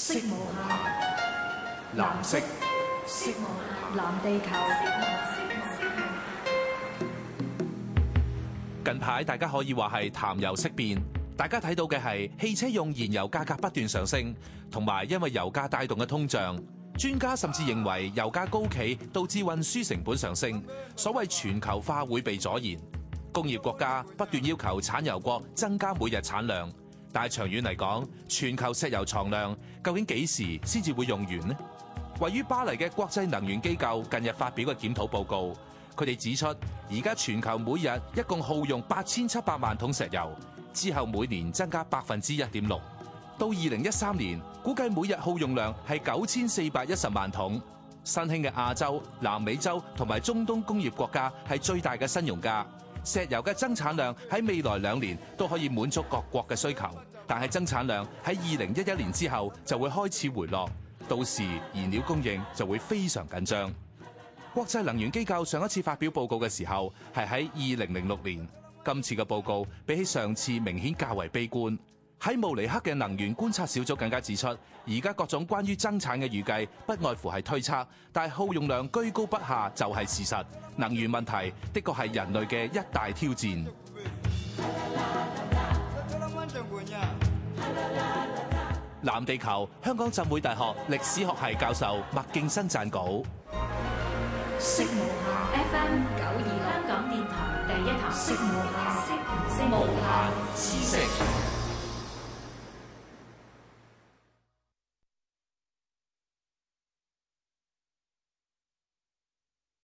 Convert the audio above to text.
色無限，藍色，色，母藍色，色母。藍地球。母地球母母，近排大家可以話係談油色變，大家睇到嘅係汽車用燃油價格不斷上升，同埋因為油價帶動嘅通脹。專家甚至認為油價高企導致運輸成本上升，所謂全球化會被阻延。工業國家不斷要求產油國增加每日產量。但長遠嚟講，全球石油藏量究竟幾時先至會用完呢？位於巴黎嘅國際能源機構近日發表嘅檢討報告，佢哋指出，而家全球每日一共耗用八千七百萬桶石油，之後每年增加百分之一點六，到二零一三年估計每日耗用量係九千四百一十萬桶。新興嘅亞洲、南美洲同埋中東工業國家係最大嘅新用家。石油嘅增產量喺未來兩年都可以滿足各國嘅需求，但係增產量喺二零一一年之後就會開始回落，到時燃料供應就會非常緊張。國際能源機構上一次發表報告嘅時候係喺二零零六年，今次嘅報告比起上次明顯較為悲觀。喺慕尼黑嘅能源觀察小組更加指出，而家各種關於增產嘅預計不外乎係推測，但係耗用量居高不下就係事實。能源問題的確係人類嘅一大挑戰。藍地球，香港浸會大學歷史學系教授麥勁生撰稿。色摩客 FM 九二香港電台第一台。色摩客。色摩客。